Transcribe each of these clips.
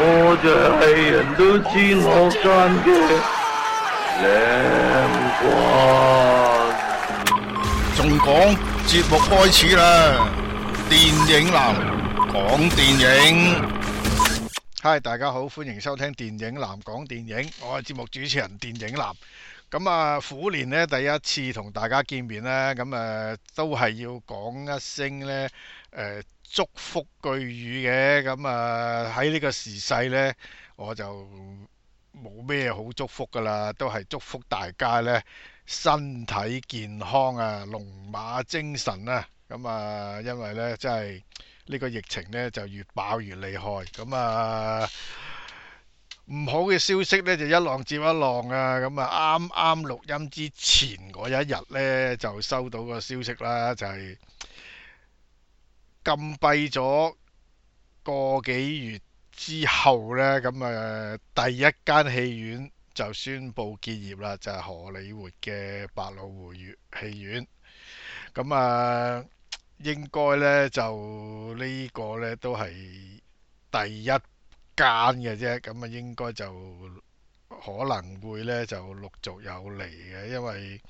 我哋係人都知我賺嘅靚冠，仲講節目開始啦！電影男講電影，嗨，大家好，歡迎收聽電影男講電影，我係節目主持人電影男。咁啊，虎年呢第一次同大家見面呢，咁啊都係要講一聲呢，誒。祝福句語嘅，咁啊喺呢個時勢呢，我就冇咩好祝福噶啦，都係祝福大家呢，身體健康啊，龍馬精神啦、啊。咁啊，因為呢，真係呢個疫情呢，就越爆越厲害，咁啊唔好嘅消息呢，就一浪接一浪啊。咁啊啱啱錄音之前嗰一日呢，就收到個消息啦，就係、係。禁閉咗個幾月之後咧，咁誒第一間戲院就宣布結業啦，就係荷里活嘅百老匯戲院。咁誒應該咧就呢個咧都係第一間嘅啫。咁誒應該就可能會咧就陸續有嚟嘅，因為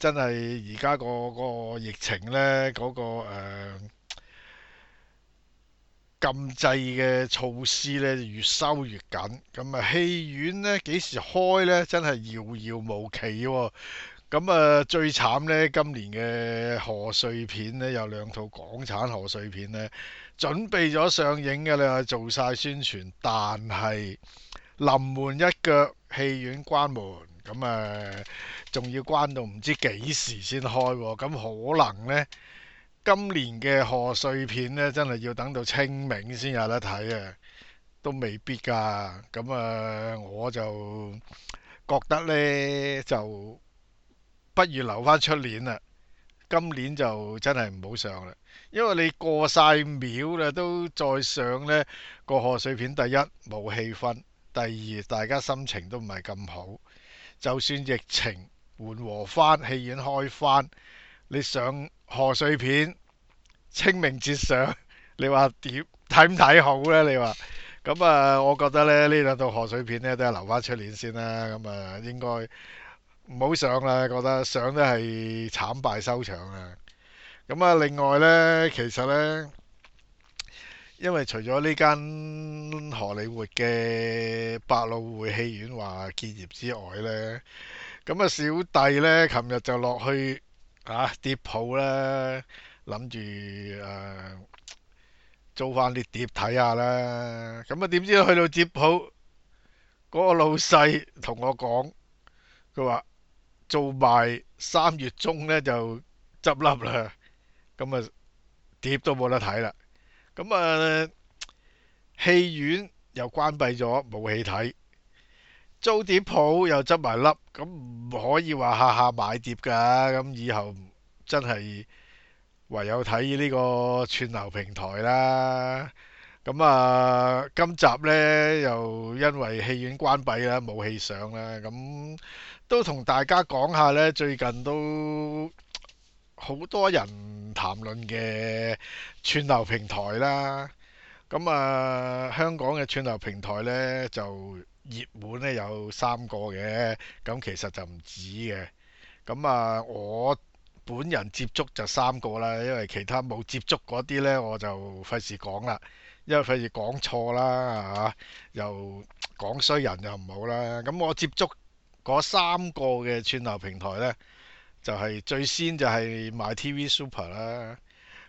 真係而家個個疫情咧嗰個誒。禁制嘅措施咧越收越緊，咁啊戲院咧幾時開呢？真係遙遙無期喎，哦！咁、嗯、啊最慘呢，今年嘅賀歲片呢有兩套港產賀歲片呢，準備咗上映嘅啦，做晒宣傳，但係臨門一腳，戲院關門，咁啊仲要關到唔知幾時先開喎，哦！咁、嗯、可能呢。今年嘅賀歲片呢，真係要等到清明先有得睇啊！都未必噶。咁啊，我就覺得呢，就不如留翻出年啦。今年就真係唔好上啦，因為你過晒秒啦，都再上呢個賀歲片，第一冇氣氛，第二大家心情都唔係咁好。就算疫情緩和翻，戲院開翻，你上。賀歲片清明節上，你話點睇？唔睇好呢？你話咁啊？我覺得咧，呢兩套賀歲片咧都係留翻出年先啦。咁啊，應該唔好上啦。覺得上都係慘敗收場啊。咁啊，另外呢，其實呢，因為除咗呢間荷里活嘅百老匯戲院話結業之外呢，咁啊，小弟呢，琴日就落去。嚇、啊，碟鋪咧，諗住誒租翻啲碟睇下啦，咁啊點、啊、知去到碟鋪，嗰、嗰個老細同我講，佢話做埋三月中咧就執笠啦，咁啊碟都冇得睇啦，咁啊戲院又關閉咗，冇戲睇。租碟鋪又執埋笠，咁唔可以話下下買碟㗎。咁以後真係唯有睇呢個串流平台啦。咁啊，今集呢又因為戲院關閉啦，冇戲上啦。咁都同大家講下呢，最近都好多人談論嘅串流平台啦。咁啊，香港嘅串流平台呢就～熱門咧有三個嘅，咁其實就唔止嘅。咁啊，我本人接觸就三個啦，因為其他冇接觸嗰啲呢，我就費事講啦，因為費事講錯啦嚇、啊，又講衰人又唔好啦。咁我接觸嗰三個嘅串流平台呢，就係、是、最先就係 MyTV Super 啦，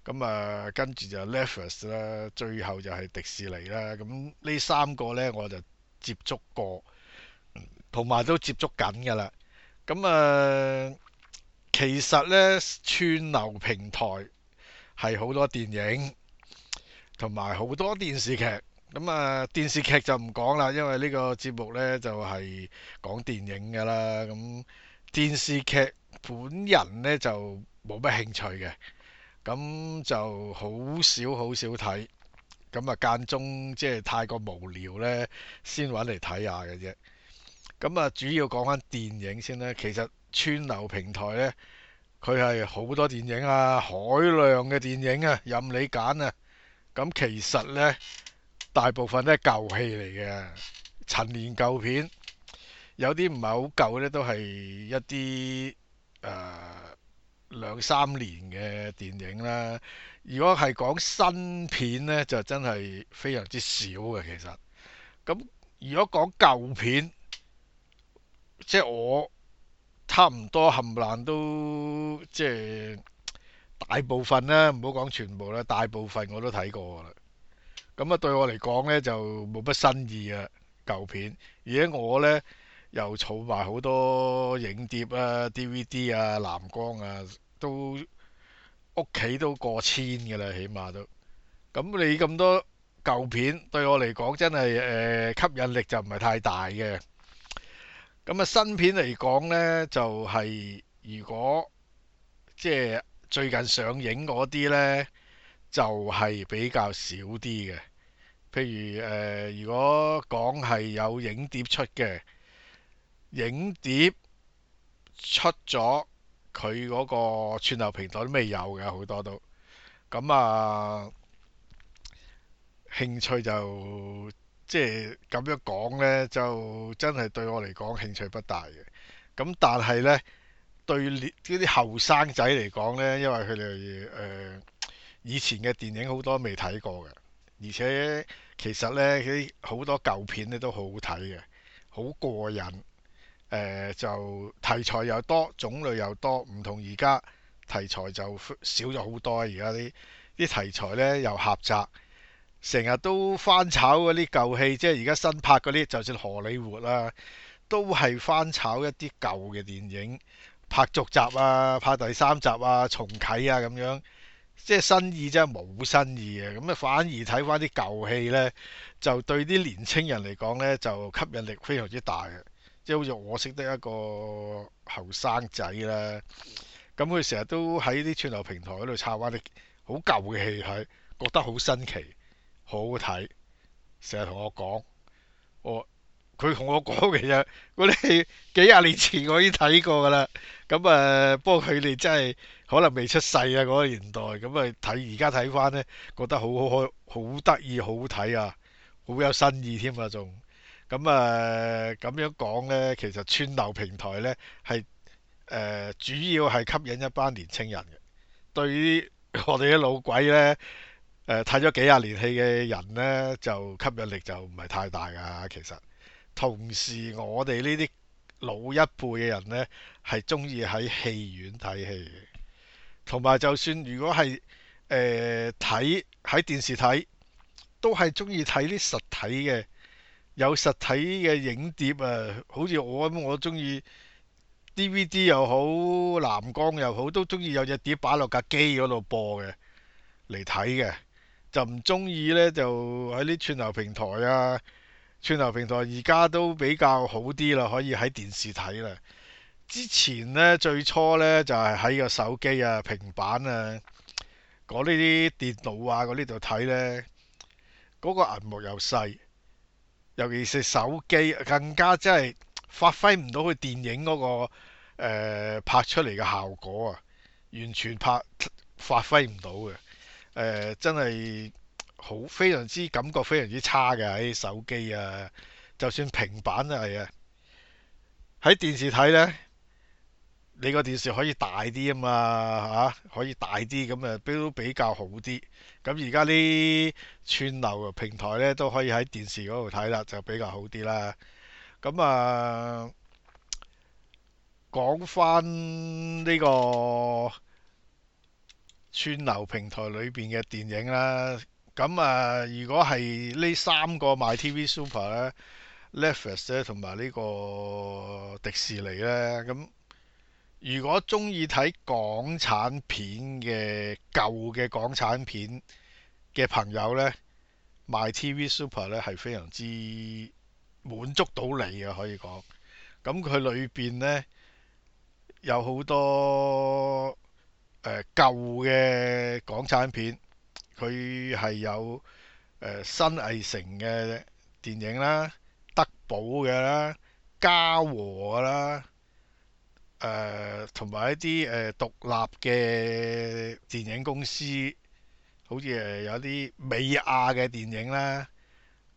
咁啊跟住就 Netflix 啦，最後就係迪士尼啦。咁呢三個呢，我就，接觸過，同、嗯、埋都接觸緊嘅啦。咁、嗯、啊、呃，其實呢串流平台係好多電影同埋好多電視劇。咁、嗯、啊、呃，電視劇就唔講啦，因為呢個節目呢就係、是、講電影嘅啦。咁、嗯、電視劇本人呢就冇乜興趣嘅，咁、嗯、就好少好少睇。咁啊間中即係太過無聊呢，先揾嚟睇下嘅啫。咁啊，主要講翻電影先啦。其實串流平台呢，佢係好多電影啊，海量嘅電影啊，任你揀啊。咁其實呢，大部分都係舊戲嚟嘅，陳年舊片。有啲唔係好舊呢，都係一啲誒。兩三年嘅電影啦，如果係講新片呢，就真係非常之少嘅其實。咁、嗯、如果講舊片，即係我差唔多冚唪爛都即係大部分啦，唔好講全部啦，大部分我都睇過噶啦。咁、嗯、啊，對我嚟講呢，就冇乜新意啊，舊片。而且我呢。又儲埋好多影碟啊、DVD 啊、藍光啊，都屋企都過千嘅啦，起碼都咁。你咁多舊片對我嚟講真係誒、呃、吸引力就唔係太大嘅。咁啊，新片嚟講呢，就係、是、如果即係、就是、最近上映嗰啲呢，就係、是、比較少啲嘅。譬如誒、呃，如果講係有影碟出嘅。影碟出咗，佢嗰個串流平台都未有嘅，好多都咁、嗯、啊。興趣就即係咁樣講咧，就真係對我嚟講興趣不大嘅。咁、嗯、但係咧，對呢啲後生仔嚟講咧，因為佢哋誒以前嘅電影好多未睇過嘅，而且其實咧，佢啲好多舊片咧都好好睇嘅，好過癮。誒、呃、就題材又多，種類又多，唔同而家題材就少咗好多。而家啲啲題材呢又狹窄，成日都翻炒嗰啲舊戲，即係而家新拍嗰啲，就算荷里活啦、啊，都係翻炒一啲舊嘅電影，拍續集啊，拍第三集啊，重啟啊咁樣，即係新意真係冇新意嘅。咁啊，反而睇翻啲舊戲呢，就對啲年青人嚟講呢，就吸引力非常之大嘅。即好似我識得一個後生仔啦，咁佢成日都喺啲串流平台度插翻啲好舊嘅戲係，覺得好新奇，好好睇。成日同我講，我佢同我講其實嗰啲幾廿年前我已經睇過㗎啦。咁、呃、啊，不過佢哋真係可能未出世啊嗰個年代。咁啊，睇而家睇翻呢，覺得好好好，好得意，好睇啊，好有新意添啊仲。咁啊，咁樣講呢，其實串流平台呢，係誒主要係吸引一班年輕人嘅。對於我哋啲老鬼呢，誒睇咗幾廿年戲嘅人呢，就吸引力就唔係太大㗎。其實，同時我哋呢啲老一輩嘅人呢，係中意喺戲院睇戲嘅。同埋，就算如果係誒睇喺電視睇，都係中意睇啲實體嘅。有實體嘅影碟啊，好似我咁，我中意 DVD 又好，藍光又好，都中意有隻碟擺落架機嗰度播嘅嚟睇嘅，就唔中意呢，就喺啲串流平台啊，串流平台而家都比較好啲啦，可以喺電視睇啦。之前呢，最初呢，就係喺個手機啊、平板啊，呢啲電腦啊嗰呢度睇呢，嗰個銀幕又細。尤其是手機更加真係發揮唔到佢電影嗰個呃拍出嚟嘅效果啊，完全拍發揮唔到嘅誒，真係好非常之感覺非常之差嘅，喺手機啊，就算平板啊係啊，喺電視睇呢。你個電視可以大啲啊嘛嚇，可以大啲咁啊都比較好啲。咁而家啲串流平台咧都可以喺電視嗰度睇啦，就比較好啲啦。咁、嗯、啊，講翻呢個串流平台裏邊嘅電影啦。咁、嗯、啊，如果係呢三個 myTV Super 咧、Netflix 咧同埋呢個迪士尼咧咁。嗯如果中意睇港產片嘅舊嘅港產片嘅朋友呢，MyTV Super 呢係非常之滿足到你嘅。可以講咁，佢裏邊呢有好多誒、呃、舊嘅港產片，佢係有、呃、新藝城嘅電影啦、德寶嘅啦、嘉禾啦。誒同埋一啲誒、呃、獨立嘅電影公司，好似誒有啲美亞嘅電影啦。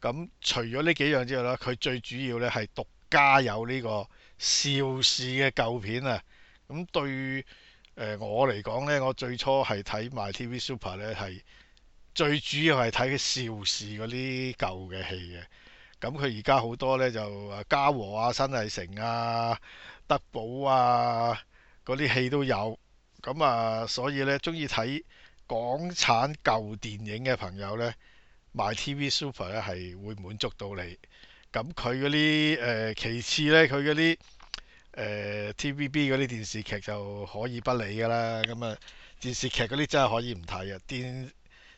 咁、嗯、除咗呢幾樣之外咧，佢最主要咧係獨家有呢、這個邵氏嘅舊片啊。咁、嗯、對、呃、我嚟講咧，我最初係睇 myTV Super 咧，係最主要係睇邵氏嗰啲舊嘅戲嘅。咁佢而家好多呢，就誒嘉禾啊、新藝城啊、德寶啊嗰啲戲都有，咁啊所以呢，中意睇港產舊電影嘅朋友呢，買 TV Super 呢係會滿足到你。咁佢嗰啲誒其次呢，佢嗰啲誒 TVB 嗰啲電視劇就可以不理㗎啦。咁啊電視劇嗰啲真係可以唔睇啊。電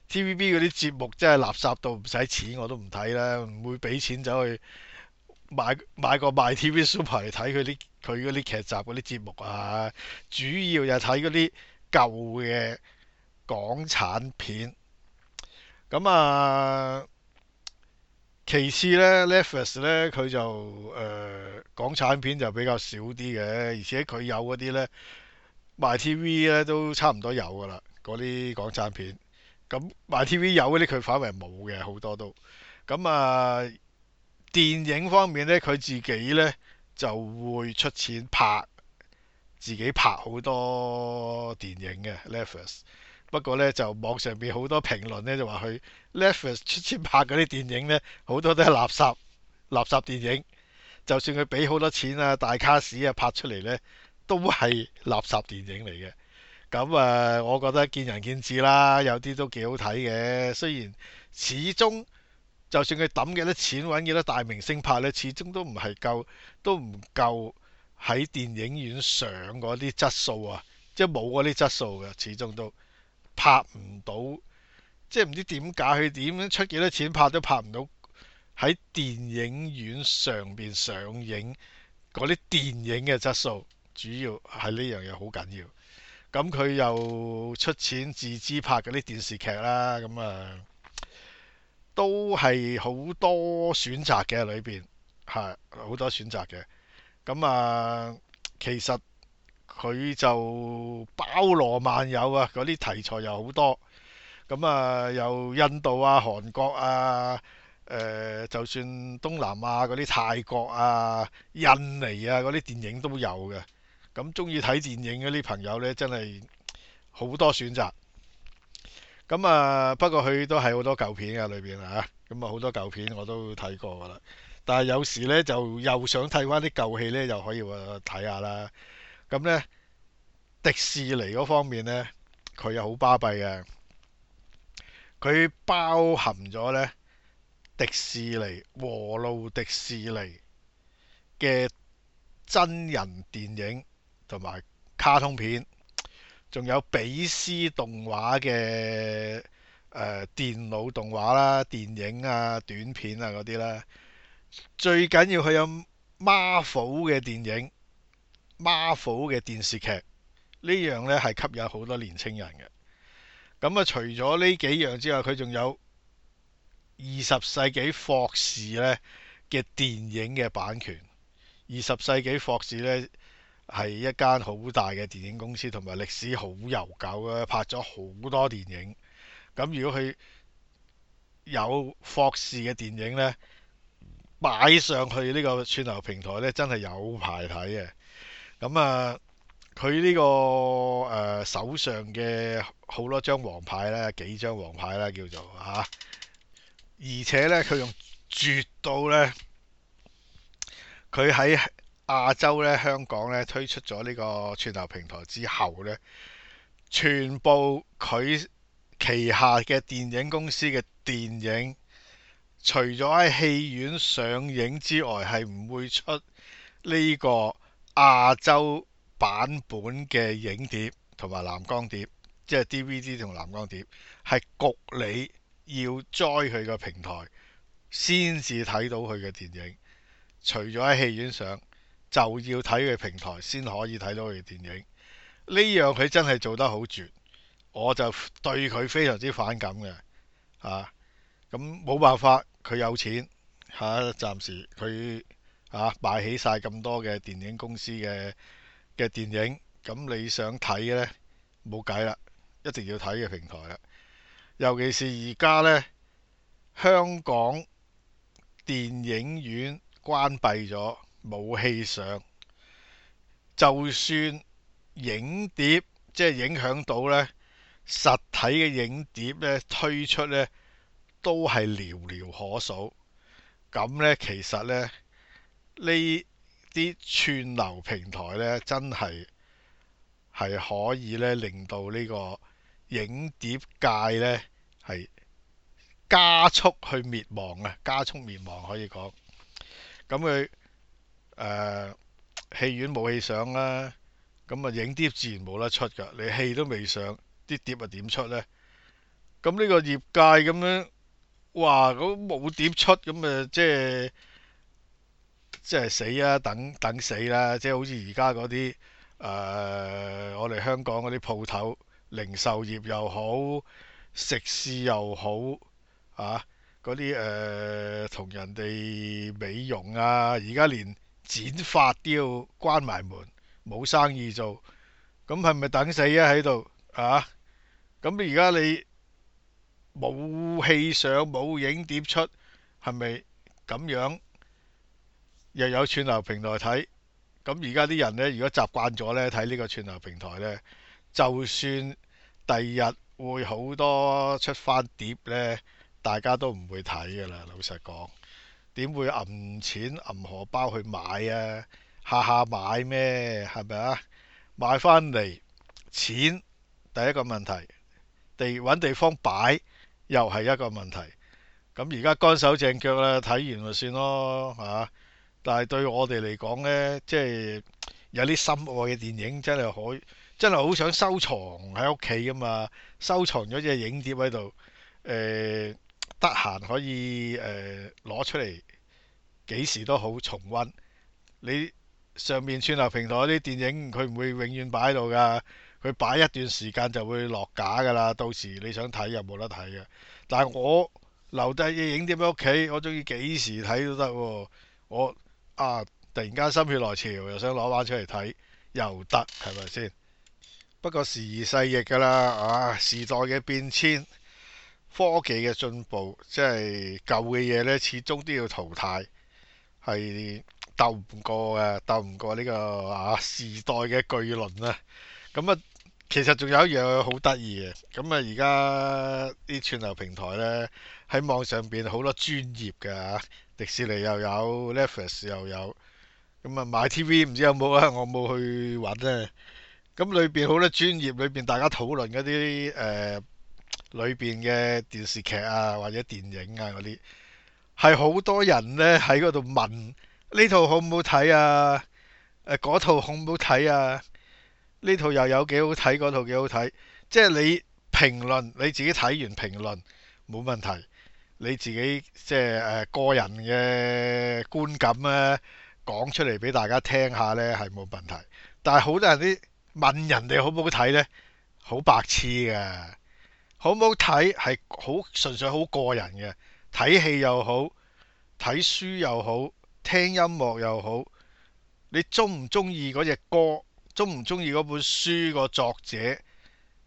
T.V.B. 嗰啲節目真係垃圾到唔使錢我都唔睇啦，唔會俾錢走去買買個 myTV Super 嚟睇佢啲佢啲劇集嗰啲節目啊。主要就睇嗰啲舊嘅港產片。咁、嗯、啊，其次呢 Netflix 咧佢就誒、呃、港產片就比較少啲嘅，而且佢有嗰啲呢 myTV 咧都差唔多有㗎喇嗰啲港產片。咁 myTV 有嗰啲佢反為冇嘅，好多都咁啊，電影方面咧佢自己咧就會出錢拍自己拍好多電影嘅 l e 不過咧就網上邊好多評論咧就話佢 l e 出錢拍嗰啲電影咧好多都係垃圾垃圾電影，就算佢俾好多錢啊大卡士啊拍出嚟咧都係垃圾電影嚟嘅。咁啊、嗯，我覺得見仁見智啦。有啲都幾好睇嘅，雖然始終就算佢揼幾多錢，揾幾多大明星拍呢，始終都唔係夠，都唔夠喺電影院上嗰啲質素啊，即係冇嗰啲質素嘅，始終都拍唔到。即係唔知點解佢點樣出幾多錢拍都拍唔到喺電影院上面上映嗰啲電影嘅質素，主要係呢樣嘢好緊要。咁佢又出錢自資拍嗰啲電視劇啦，咁啊都係好多選擇嘅裏邊，係好多選擇嘅。咁啊，其實佢就包羅萬有啊，嗰啲題材又好多。咁啊，又印度啊、韓國啊、誒，呃，就算東南亞嗰啲泰國啊、印尼啊嗰啲電影都有嘅。咁中意睇電影嗰啲朋友呢，真係好多選擇。咁啊，不過佢都係好多舊片裏面啊，裏邊啊，咁啊好多舊片我都睇過噶啦。但係有時呢，就又想睇返啲舊戲呢，又可以睇下啦。咁呢，迪士尼嗰方面呢，佢又好巴閉嘅。佢包含咗呢，迪士尼和路迪士尼嘅真人電影。同埋卡通片，仲有比斯動畫嘅誒、呃、電腦動畫啦、電影啊、短片啊嗰啲啦，最緊要佢有 Marvel 嘅電影、Marvel 嘅電視劇，呢樣呢係吸引好多年青人嘅。咁啊，除咗呢幾樣之外，佢仲有二十世紀霍士呢嘅電影嘅版權，二十世紀霍士呢。係一間好大嘅電影公司，同埋歷史好悠久嘅，拍咗好多電影。咁如果佢有霍士嘅電影呢，擺上去呢個串流平台呢，真係有排睇嘅。咁、嗯、啊，佢呢、呢個誒、呃、手上嘅好多張王牌咧，幾張王牌啦，叫做嚇、啊。而且呢，佢用絕到呢，佢喺。亞洲咧，香港咧推出咗呢個串流平台之後咧，全部佢旗下嘅電影公司嘅電影，除咗喺戲院上映之外，係唔會出呢個亞洲版本嘅影碟同埋藍光碟，即係 DVD 同藍光碟，係焗你要載佢個平台先至睇到佢嘅電影，除咗喺戲院上。就要睇佢平台先可以睇到佢嘅電影。呢樣佢真係做得好絕，我就對佢非常之反感嘅啊！咁、嗯、冇辦法，佢有錢，吓、啊，暫時，佢嚇買起晒咁多嘅電影公司嘅嘅電影，咁、嗯、你想睇咧冇計啦，一定要睇嘅平台啦。尤其是而家咧，香港電影院關閉咗。武器上，就算影碟即係影響到咧，實體嘅影碟咧推出咧，都係寥寥可數，咁咧，其實咧呢啲串流平台咧，真係，係可以咧令到呢個影碟界咧係加速去滅亡啊！加速滅亡可以講，咁佢。誒、呃、戲院冇戲上啦、啊，咁啊影碟自然冇得出㗎。你戲都未上，啲碟啊點出呢？咁呢個業界咁樣，哇！冇碟出，咁啊即係即係死啊！等等死啦、啊！即係好似而家嗰啲誒，我哋香港嗰啲鋪頭、零售業又好、食肆又好啊，嗰啲誒同人哋美容啊，而家連，剪發都要關埋門，冇生意做，咁係咪等死啊？喺度啊！咁而家你冇戲上，冇影碟出，係咪咁樣又有串流平台睇？咁而家啲人呢，如果習慣咗呢睇呢個串流平台呢，就算第二日會好多出翻碟呢，大家都唔會睇噶啦。老實講。點會揞錢揞荷包去買啊？下下買咩？係咪啊？買翻嚟，錢第一個問題，地揾地方擺又係一個問題。咁而家乾手淨腳啦，睇完咪算咯，係、啊、嘛？但係對我哋嚟講呢，即係有啲深愛嘅電影，真係好真係好想收藏喺屋企噶嘛。收藏咗隻影碟喺度，誒、呃。得閒可以誒攞、呃、出嚟，幾時都好重溫。你上面串流平台啲電影，佢唔會永遠擺喺度㗎，佢擺一段時間就會落架㗎啦。到時你想睇又冇得睇嘅。但係我留低嘅影碟喺屋企，我中意幾時睇都得喎。我啊，突然間心血來潮又想攞返出嚟睇又得，係咪先？不過時而世易㗎啦，啊時代嘅變遷。科技嘅進步，即係舊嘅嘢呢，始終都要淘汰，係鬥唔過嘅，鬥唔過呢、呢個啊時代嘅巨輪啦、啊。咁、嗯、啊，其實仲有一樣好得意嘅，咁、嗯、啊，而家啲串流平台呢，喺網上邊好多專業嘅、啊、迪士尼又有，Netflix 又有，咁啊 MyTV 唔知有冇咧，我冇去揾呢。咁裏邊好多專業，裏邊大家討論嗰啲誒。呃裏邊嘅電視劇啊，或者電影啊嗰啲，係好多人呢喺嗰度問呢套好唔好睇啊？誒、啊，嗰套好唔好睇啊？呢套又有幾好睇，嗰套幾好睇。即係你評論你自己睇完評論冇問題，你自己即係誒、呃、個人嘅觀感咧、啊、講出嚟俾大家聽下呢，係冇問題。但係好多人啲問人哋好唔好睇呢？好白痴㗎。好唔好睇係好純粹好個人嘅，睇戲又好，睇書又好，聽音樂又好。你中唔中意嗰隻歌，中唔中意嗰本書個作者，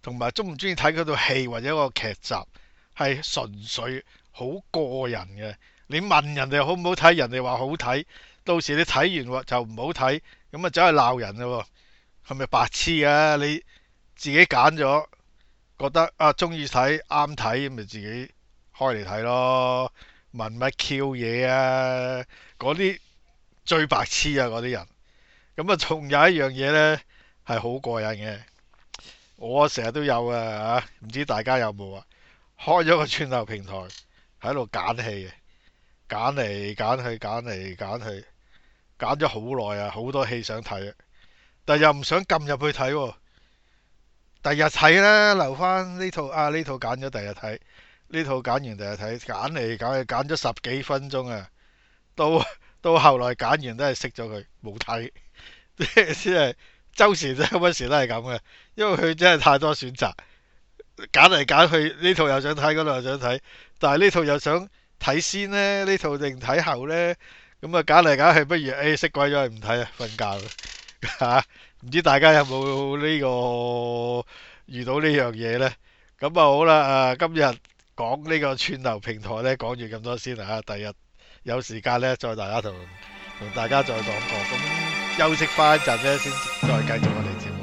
同埋中唔中意睇嗰套戲或者個劇集，係純粹好個人嘅。你問人哋好唔好睇，人哋話好睇，到時你睇完就唔好睇，咁啊走去鬧人咯，係咪白痴啊？你自己揀咗。覺得啊中意睇啱睇，咪自己開嚟睇咯。問乜 Q 嘢啊，嗰啲最白痴啊嗰啲人。咁、嗯、啊，仲有一樣嘢呢，係好過癮嘅。我成日都有嘅嚇，唔知大家有冇啊？開咗個串流平台，喺度揀戲嘅，揀嚟揀去，揀嚟揀去，揀咗好耐啊，好多戲想睇，但又唔想撳入去睇喎、啊。第日睇啦，留翻呢套啊，呢套揀咗，第日睇呢套揀完第日睇，揀嚟揀去揀咗十幾分鐘啊，到到後來揀完都係熄咗佢，冇睇， 即係周時都嗰時都係咁嘅，因為佢真係太多選擇，揀嚟揀去呢套又想睇，嗰度又想睇，但係呢套又想睇先咧，呢套定睇後咧，咁啊揀嚟揀去不如誒、哎、熄鬼咗，唔睇啊，瞓覺吓。 唔知大家有冇呢個遇到呢樣嘢咧？咁啊好啦，啊、呃、今日講呢個串流平台咧，講完咁多先啊！第日有時間咧，再大家同同大家再講過，咁休息翻一陣咧，先再繼續我哋節目。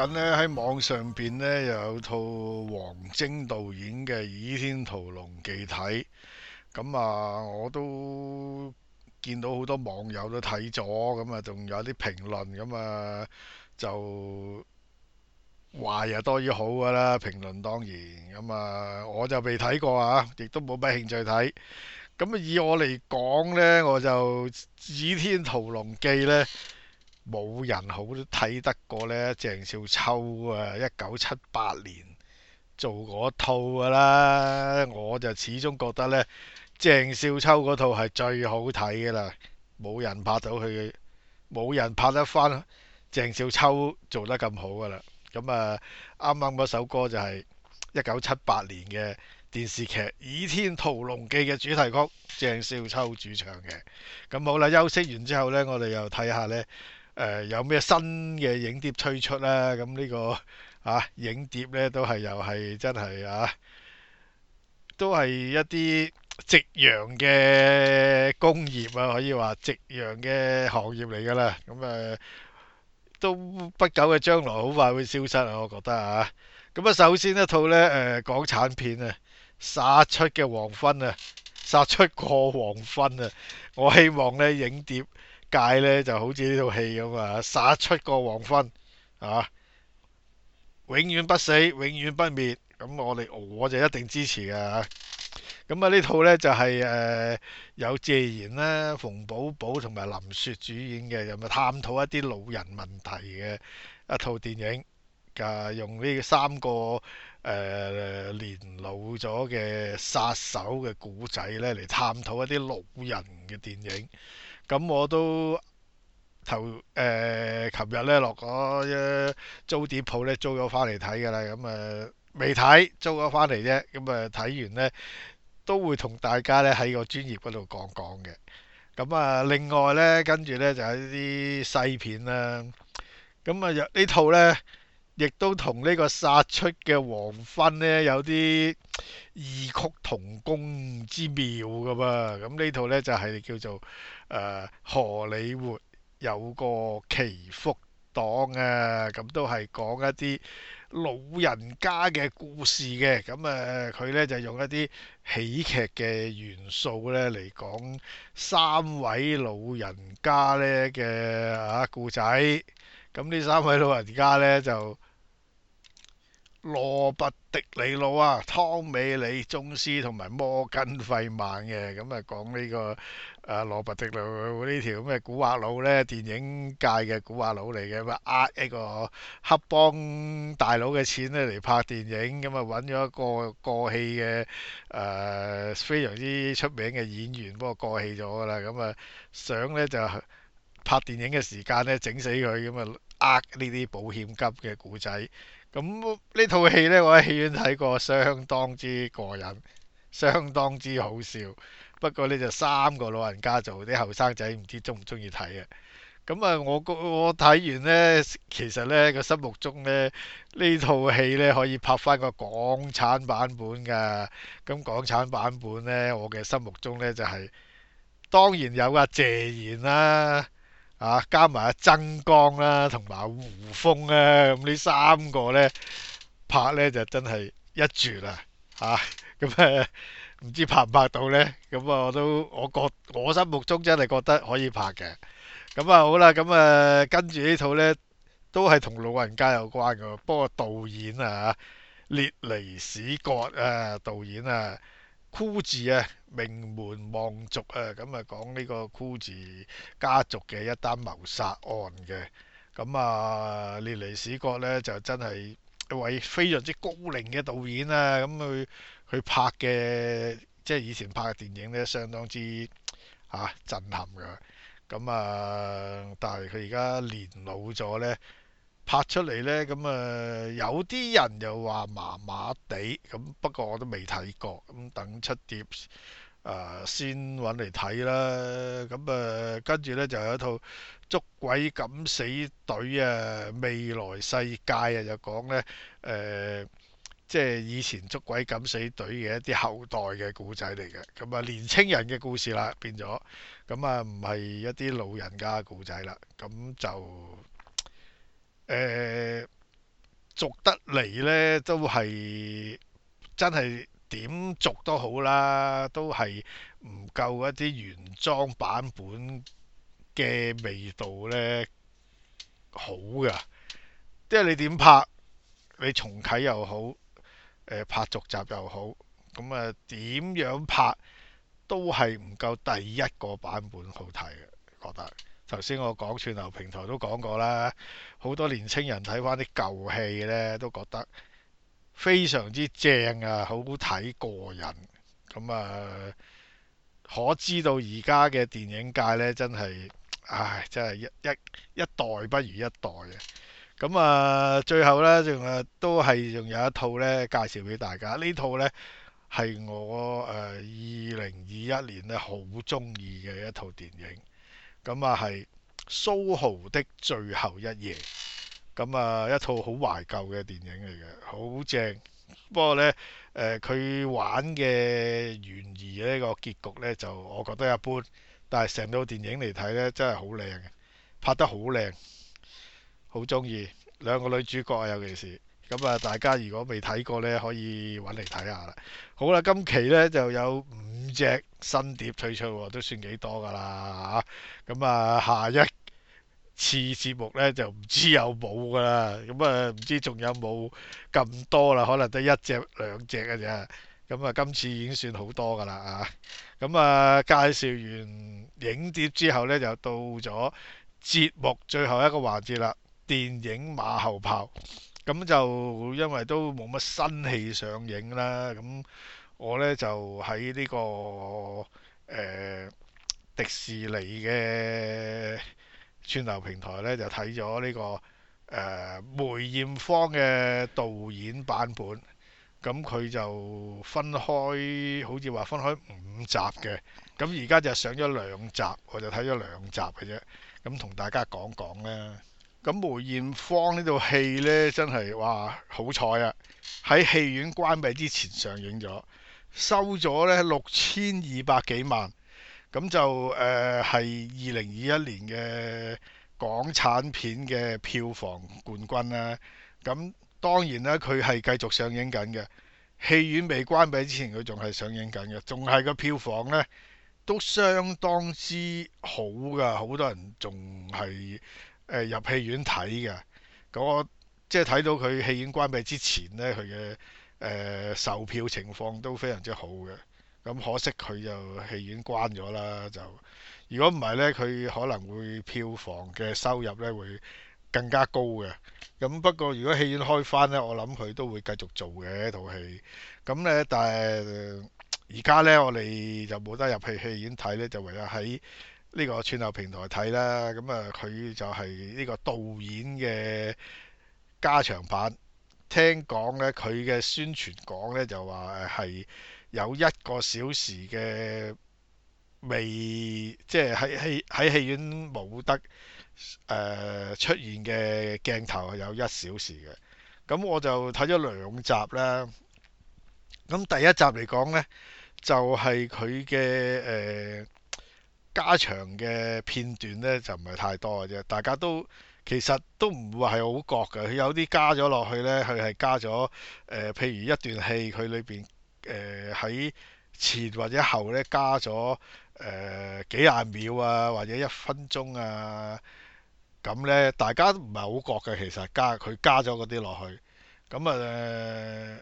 咁咧喺網上邊咧又有套王晶導演嘅《倚天屠龍記》睇，咁啊我都見到好多網友都睇咗，咁啊仲有啲評論，咁啊就壞又多於好噶啦，評論當然，咁啊我就未睇過啊，亦都冇乜興趣睇。咁啊以我嚟講呢，我就《倚天屠龍記》呢。冇人好睇得過呢，鄭少秋啊！一九七八年做嗰套㗎啦，我就始終覺得呢，鄭少秋嗰套係最好睇嘅啦。冇人拍到佢，冇人拍得翻鄭少秋做得咁好㗎啦。咁啊，啱啱嗰首歌就係一九七八年嘅電視劇《倚天屠龍記》嘅主題曲，鄭少秋主唱嘅。咁好啦，休息完之後呢，我哋又睇下呢。誒、呃、有咩新嘅影碟推出咧？咁呢、呢個啊影碟咧都係又係真係啊，都係一啲夕陽嘅工業啊，可以話夕陽嘅行業嚟噶啦。咁、啊、誒都不久嘅將來，好快會消失啊！我覺得啊，咁啊，首先一套咧誒、呃、港產片啊，殺出嘅黃昏啊，殺出個黃昏啊！我希望咧影碟。界咧就好似呢套戲咁啊，殺出個黃昏啊，永遠不死，永遠不滅。咁我哋我就一定支持嘅。咁啊，啊呢套呢就係、是、誒、呃、有謝賢咧、馮寶寶同埋林雪主演嘅，有咪探討一啲老人問題嘅一套電影。啊，用呢三個誒年老咗嘅殺手嘅古仔呢嚟探討一啲老人嘅電影。咁我都頭誒，琴、呃、日咧落嗰租碟鋪咧租咗翻嚟睇㗎啦。咁、嗯、誒未睇租咗翻嚟啫。咁誒睇完咧都會同大家咧喺個專業嗰度講講嘅。咁、嗯、啊，另外咧跟住咧就係啲細片啦。咁啊，嗯、啊套呢套咧亦都同呢個殺出嘅黃昏咧有啲異曲同工之妙㗎噃。咁、嗯、呢套咧就係、是、叫做誒、呃、荷里活有個耆福黨啊，咁都係講一啲老人家嘅故事嘅，咁誒佢呢就用一啲喜劇嘅元素呢嚟講三位老人家呢嘅啊故仔，咁呢三位老人家呢就，羅拔迪尼路啊，湯美里、宗師同埋摩根費曼嘅，咁、嗯這個、啊講呢個啊羅拔迪尼路呢條咩古惑佬呢？電影界嘅古惑佬嚟嘅，咁呃一個黑幫大佬嘅錢咧嚟拍電影，咁啊搵咗一個過氣嘅誒非常之出名嘅演員，不過過氣咗噶啦，咁、嗯、啊想呢，就拍電影嘅時間呢，整死佢，咁啊呃呢啲保險金嘅古仔。咁呢套戲呢，我喺戲院睇過，相當之過癮，相當之好笑。不過呢，就三個老人家做，啲後生仔唔知中唔中意睇啊。咁啊，我我睇完呢，其實呢個心目中呢，呢套戲呢，可以拍翻個港產版本㗎。咁港產版本呢，我嘅心目中呢，就係，是，當然有架，啊，謝賢啦，啊。啊，加埋曾江啦、啊，同埋胡楓咧、啊，咁、啊、呢三個咧拍咧就真係一絕啦、啊！嚇咁誒，唔、啊、知拍唔拍到咧？咁啊，我都我覺我心目中真係覺得可以拍嘅。咁啊，好啦，咁啊跟住呢套咧都係同老人家有關嘅，不過導演啊列尼史葛啊導演啊。Gucci 啊，i, 名門望族啊，咁啊講呢個 Gucci 家族嘅一單謀殺案嘅，咁啊，列尼史葛咧就真係一位非常之高齡嘅導演啊，咁佢佢拍嘅即係以前拍嘅電影咧，相當之嚇、啊、震撼㗎。咁啊，但係佢而家年老咗咧。拍出嚟呢，咁啊有啲人又話麻麻地，咁不過我都未睇過，咁等出碟、呃、先揾嚟睇啦。咁、嗯、啊跟住呢，就有一套捉鬼敢死隊啊，魅來世界啊，就講呢，誒、呃、即係以前捉鬼敢死隊嘅一啲後代嘅故仔嚟嘅，咁啊年青人嘅故事啦、嗯、變咗，咁啊唔係一啲老人家故仔啦，咁、嗯、就。誒、呃、續得嚟呢都係真係點續都好啦，都係唔夠一啲原裝版本嘅味道呢。好㗎。即係你點拍，你重啟又好，誒拍續集又好，咁啊點樣拍都係唔夠第一個版本好睇嘅，覺得。頭先我講串流平台都講過啦，好多年青人睇返啲舊戲呢，都覺得非常之正啊，好睇過人。咁、嗯、啊、呃，可知道而家嘅電影界呢，真係，唉，真係一一一代不如一代嘅。咁、嗯、啊、呃，最後呢，仲啊，都係仲有一套呢，介紹俾大家。呢套呢，係我誒二零二一年呢好中意嘅一套電影。咁啊，係、嗯《蘇豪、SO、的最後一夜》，咁啊，一套好懷舊嘅電影嚟嘅，好正。不過呢，佢、呃、玩嘅懸疑呢個結局呢，就我覺得一般。但係成套電影嚟睇呢，真係好靚，拍得好靚，好中意兩個女主角啊，尤其是。咁啊，大家如果未睇過呢，可以揾嚟睇下啦。好啦，今期呢就有五隻新碟推出，都算幾多噶啦嚇。咁啊，下一次節目呢就唔知有冇噶啦。咁啊，唔知仲有冇咁多啦？可能得一隻兩隻嘅啫。咁啊，今次已經算好多噶啦啊。咁啊，介紹完影碟之後呢，就到咗節目最後一個環節啦。電影馬後炮。咁、嗯、就因為都冇乜新戲上映啦，咁、嗯、我呢，就喺呢、呢個誒、呃、迪士尼嘅串流平台呢，就睇咗呢個、呃、梅艷芳嘅導演版本，咁、嗯、佢就分開好似話分開五集嘅，咁而家就上咗兩集，我就睇咗兩集嘅啫，咁、嗯、同大家講講啦。咁梅艷芳呢套戲呢，真係哇好彩啊！喺戲院關閉之前上映咗，收咗呢六千二百幾萬，咁就誒係二零二一年嘅港產片嘅票房冠軍啦啊。咁當然啦，佢係繼續上映緊嘅，戲院未關閉之前佢仲係上映緊嘅，仲係個票房呢，都相當之好㗎，好多人仲係。入戲院睇嘅，咁我即係睇到佢戲院關閉之前呢，佢嘅誒售票情況都非常之好嘅。咁可惜佢就戲院關咗啦。就如果唔係呢，佢可能會票房嘅收入呢會更加高嘅。咁不過如果戲院開返呢，我諗佢都會繼續做嘅呢套戲。咁呢，但係而家呢，我哋就冇得入戲戲院睇呢，就唯有喺。呢個串流平台睇啦，咁啊佢就係呢個導演嘅加長版。聽講呢，佢嘅宣傳講呢，就話係有一個小時嘅未，即係喺戲喺戲院冇得誒、呃、出現嘅鏡頭係有一小時嘅。咁、嗯、我就睇咗兩集啦。咁、嗯、第一集嚟講呢，就係佢嘅誒。呃加長嘅片段呢，就唔係太多嘅啫，大家都其實都唔會係好覺嘅。佢有啲加咗落去呢，佢係加咗誒、呃，譬如一段戲佢裏邊誒喺前或者後呢，加咗誒、呃、幾廿秒啊，或者一分鐘啊，咁呢，大家都唔係好覺嘅。其實加佢加咗嗰啲落去，咁啊、呃、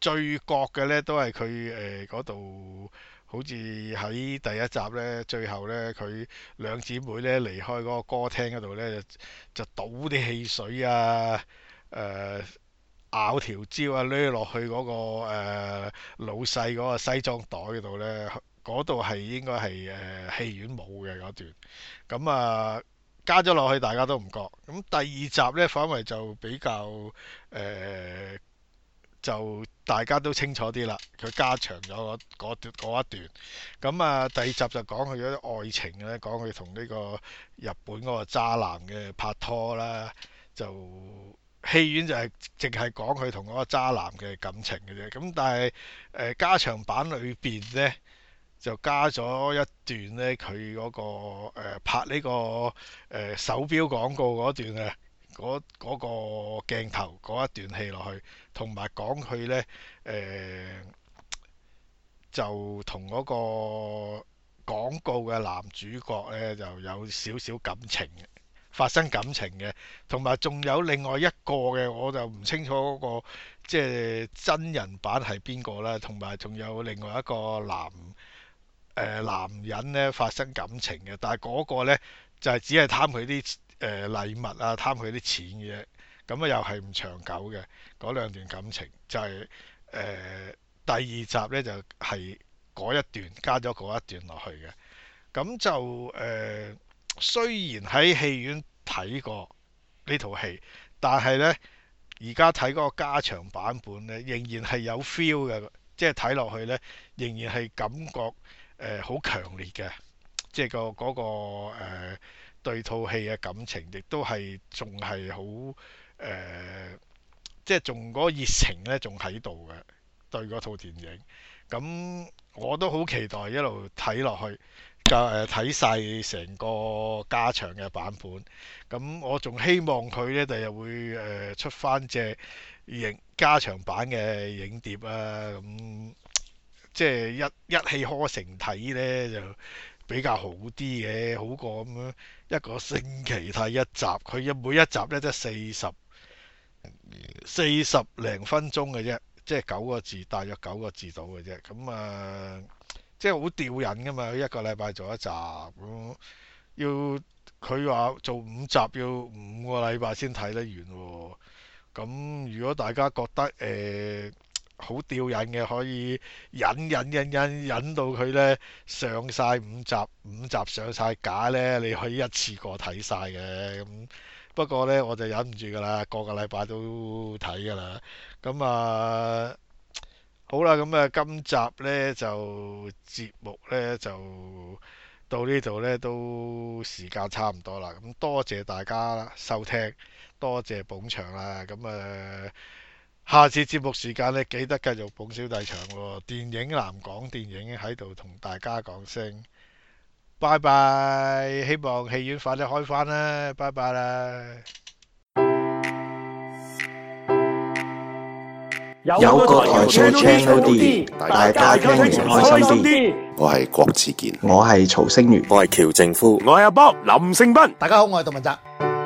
最覺嘅呢，都係佢誒嗰度。呃好似喺第一集呢，最後呢，佢兩姊妹呢，離開嗰個歌廳嗰度呢，就倒啲汽水啊，誒、呃、咬條蕉啊，攆落去嗰、那個、呃、老細嗰個西裝袋嗰度呢。嗰度係應該係誒、呃、戲院冇嘅嗰段，咁、嗯、啊、呃、加咗落去大家都唔覺，咁、嗯、第二集呢，反為就比較誒。呃就大家都清楚啲啦，佢加長咗嗰段一段，咁啊第二集就講佢啲愛情咧，講佢同呢個日本嗰個渣男嘅拍拖啦，就戲院就係淨係講佢同嗰個渣男嘅感情嘅啫，咁但係誒加長版裏邊呢，就加咗一段呢，佢嗰個誒拍呢個誒手錶廣告嗰段啊。嗰嗰個鏡頭嗰一段戲落去，同埋講佢咧誒，就同嗰個廣告嘅男主角咧就有少少感情，發生感情嘅。同埋仲有另外一個嘅，我就唔清楚嗰、嗰個即係、即係、真人版係邊個啦。同埋仲有另外一個男誒、呃、男人咧發生感情嘅，但係嗰個咧就係、係、只係貪佢啲。誒、呃、禮物啊，貪佢啲錢嘅，咁啊又係唔長久嘅嗰兩段感情，就係、是、誒、呃、第二集呢，就係、是、嗰一段加咗嗰一段落去嘅。咁就誒、呃、雖然喺戲院睇過呢套戲，但係呢而家睇嗰個加長版本呢，仍然係有 feel 嘅，即係睇落去呢，仍然係感覺誒好、呃、強烈嘅，即係、那個嗰、嗰個、呃對套戲嘅感情亦都係仲係好誒，即係仲嗰個熱情咧，仲喺度嘅對嗰套電影。咁、嗯、我都好期待一路睇落去，就誒睇晒成個加長嘅版本。咁、嗯、我仲希望佢咧，第日會誒、呃、出翻隻影加長版嘅影碟啊！咁、嗯、即係一一氣呵成睇咧就～比較好啲嘅，好過咁樣一個星期睇一集，佢嘅每一集咧即係四十、四十零分鐘嘅啫，即係九個字，大約九個字到嘅啫。咁啊，即係好吊癮㗎嘛，一個禮拜做一集咁，要佢話做五集要五個禮拜先睇得完喎、啊。咁如果大家覺得誒？呃好吊癮嘅，可以忍忍忍忍忍到佢呢。上晒五集，五集上晒架呢，你可以一次過睇晒嘅。咁、嗯、不過呢，我就忍唔住噶啦，個個禮拜都睇噶啦。咁、嗯、啊，好啦，咁、嗯、啊，今集呢就節目呢，就到呢度呢，都時間差唔多啦。咁、嗯、多謝大家收聽，多謝捧場啦。咁、嗯、啊～下次節目時間咧，記得繼續捧小弟場咯。電影男講電影喺度同大家講聲拜拜，希望戲院快啲開返啦。拜拜啦！有個台 channel D，大家聽完開心啲。我係郭子健，我係曹星如，我係喬靖夫，我係阿 Bob 林盛斌。大家好，我係杜汶澤。